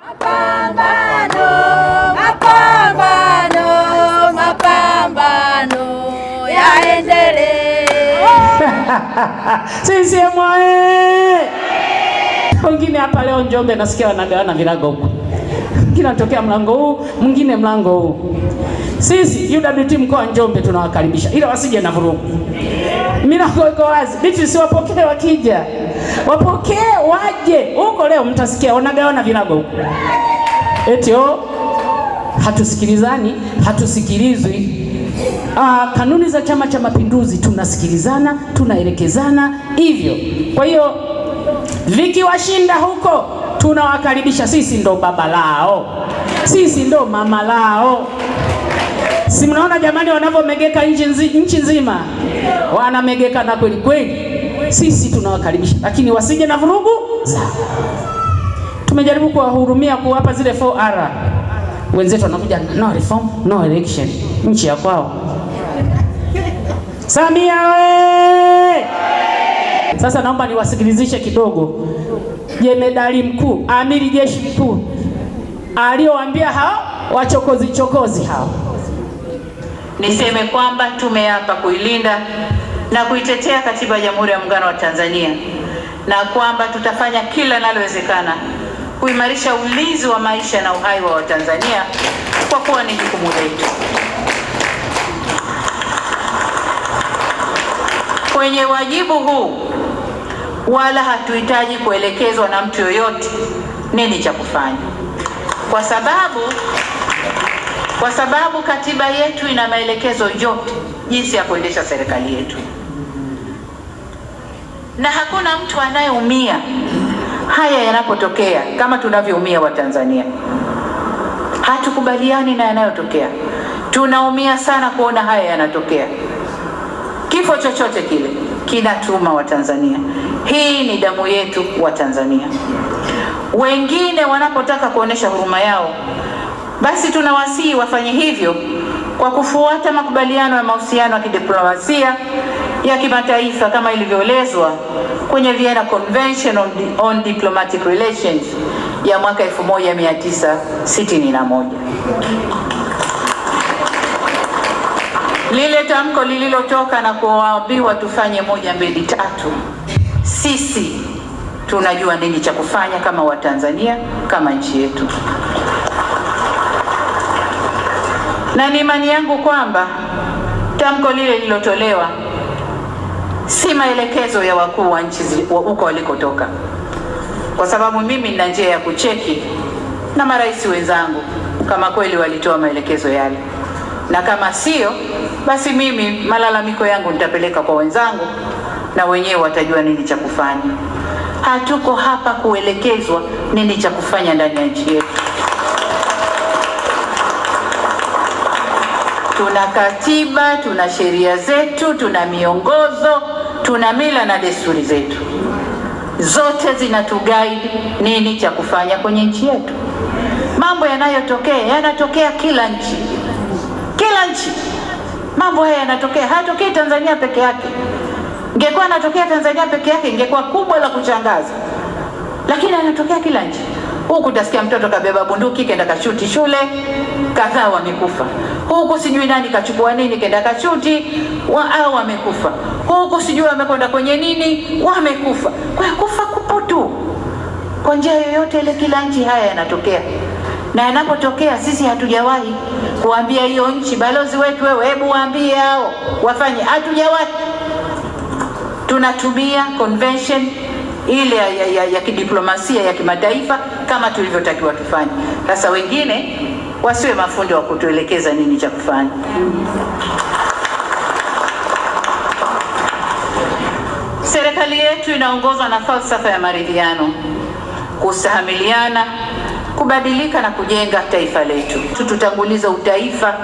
Mapambano, mapambano, mapambano yaendelee. Sisiemu oye! Wengine hapa leo Njombe nasikia wanagawana virago huku mwingine anatokea mlango huu, mwingine mlango huu. Sisi UWT mkoa wa Njombe tunawakaribisha, ila wasije na vurugu. Milango iko wazi, bichi siwapokee, wakija wapokee, waje huko. Leo mtasikia wanagawana vinago huko eti oh, hatusikilizani, hatusikilizwi. Uh, kanuni za Chama cha Mapinduzi tunasikilizana, tunaelekezana hivyo. Kwa hiyo vikiwashinda huko tunawakaribisha. Sisi ndo baba lao, sisi ndo mama lao. Si mnaona jamani, wanavyomegeka nchi nzima, wanamegeka na kweli kweli. Sisi tunawakaribisha, lakini wasije na vurugu Tumejaribu kuwahurumia, kuwapa zile 4R. Wenzetu wanakuja no reform, no election, nchi ya kwao. Samia we! Sasa naomba niwasikilizishe kidogo jemedari mkuu, amiri jeshi mkuu aliyowaambia hao wachokozi chokozi hao. Niseme kwamba tumeapa kuilinda na kuitetea katiba ya Jamhuri ya Muungano wa Tanzania na kwamba tutafanya kila linalowezekana kuimarisha ulinzi wa maisha na uhai wa Watanzania kwa kuwa ni jukumu letu. Kwenye wajibu huu wala hatuhitaji kuelekezwa na mtu yoyote nini cha kufanya, kwa sababu kwa sababu katiba yetu ina maelekezo yote jinsi ya kuendesha serikali yetu, na hakuna mtu anayeumia haya yanapotokea kama tunavyoumia Watanzania. Hatukubaliani na yanayotokea, tunaumia sana kuona haya yanatokea, kifo chochote kile kina tuma wa Tanzania. Hii ni damu yetu wa Tanzania. Wengine wanapotaka kuonesha huruma yao, basi tunawasihi wafanye hivyo kwa kufuata makubaliano ya mahusiano ya kidiplomasia ya kimataifa kama ilivyoelezwa kwenye Vienna Convention on Diplomatic Relations ya mwaka 1961 lile tamko lililotoka na kuwaambiwa tufanye moja mbili tatu, sisi tunajua nini cha kufanya kama Watanzania, kama nchi yetu, na ni imani yangu kwamba tamko lile lililotolewa si maelekezo ya wakuu wa nchi huko walikotoka, kwa sababu mimi nina njia ya kucheki na marais wenzangu kama kweli walitoa maelekezo yale, na kama sio basi mimi malalamiko yangu nitapeleka kwa wenzangu na wenyewe watajua nini cha kufanya. Hatuko hapa kuelekezwa nini cha kufanya ndani ya nchi yetu. Tuna katiba, tuna sheria zetu, tuna miongozo, tuna mila na desturi zetu, zote zinatuguide nini cha kufanya kwenye nchi yetu. Mambo yanayotokea yanatokea kila nchi, kila nchi. Mambo haya yanatokea, hayatokei Tanzania peke yake. Ingekuwa yanatokea Tanzania peke yake ingekuwa kubwa la kuchangaza, lakini yanatokea kila nchi. Huku utasikia mtoto kabeba bunduki kenda kashuti shule, kadhaa wamekufa. Huku sijui nani kachukua nini kenda kashuti wa, au wamekufa. Huku sijui wamekwenda kwenye nini wamekufa. Kwa kufa kupo tu, kwa njia yoyote ile, kila nchi haya yanatokea na yanapotokea sisi hatujawahi kuambia hiyo nchi, balozi wetu, wewe hebu waambie hao wafanye. Hatujawahi, tunatumia convention ile ya, ya, ya, ya kidiplomasia ya kimataifa kama tulivyotakiwa tufanye. Sasa wengine wasiwe mafundi wa kutuelekeza nini cha kufanya. Serikali yetu inaongozwa na falsafa ya maridhiano, kustahamiliana kubadilika na kujenga taifa letu. Tututanguliza utaifa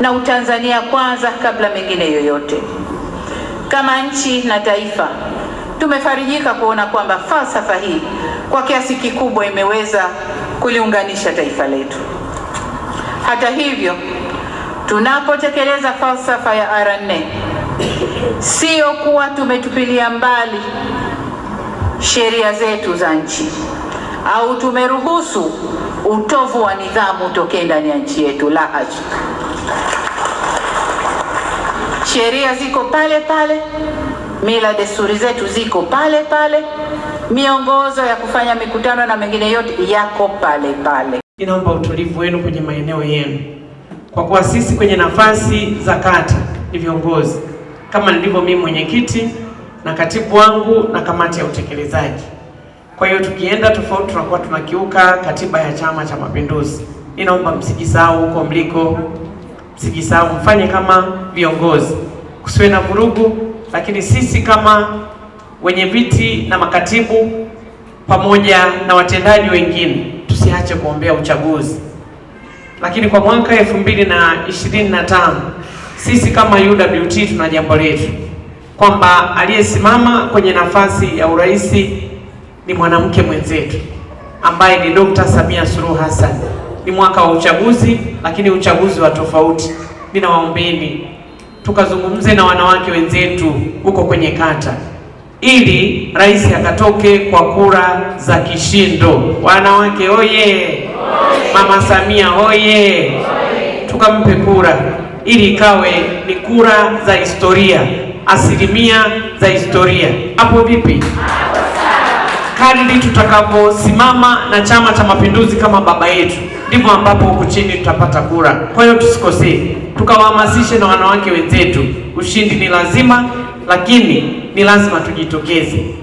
na utanzania kwanza kabla mengine yoyote. Kama nchi na taifa, tumefarijika kuona kwamba falsafa hii kwa kiasi kikubwa imeweza kuliunganisha taifa letu. Hata hivyo, tunapotekeleza falsafa ya R4 sio kuwa tumetupilia mbali sheria zetu za nchi au tumeruhusu utovu wa nidhamu utokee ndani ya nchi yetu? La hasha. Sheria ziko pale pale, mila desturi zetu ziko pale pale, miongozo ya kufanya mikutano na mengine yote yako pale pale. Inaomba utulivu wenu kwenye maeneo yenu, kwa kuwa sisi kwenye nafasi za kata ni viongozi, kama nilivyo mimi mwenyekiti na katibu wangu na kamati ya utekelezaji. Kwa hiyo tukienda tofauti tunakuwa tunakiuka katiba ya Chama cha Mapinduzi. Ninaomba msijisahau huko mliko, msijisahau, mfanye kama viongozi, kusiwe na vurugu. Lakini sisi kama wenye viti na makatibu pamoja na watendaji wengine tusiache kuombea uchaguzi. Lakini kwa mwaka elfu mbili na ishirini na tano sisi kama UWT tuna jambo letu kwamba aliyesimama kwenye nafasi ya urais ni mwanamke mwenzetu ambaye ni Dr. Samia Suluhu Hassan. Ni mwaka wa uchaguzi, lakini uchaguzi wa tofauti. Ninawaombeni tukazungumze na wanawake wenzetu huko kwenye kata, ili rais akatoke kwa kura za kishindo. Wanawake oye! Mama Samia oye! Tukampe kura ili ikawe ni kura za historia, asilimia za historia. Hapo vipi? kadri tutakaposimama na Chama cha Mapinduzi kama baba yetu, ndivyo ambapo huku chini tutapata kura. Kwa hiyo tusikosee, tukawahamasishe na wanawake wenzetu. Ushindi ni lazima, lakini ni lazima tujitokeze.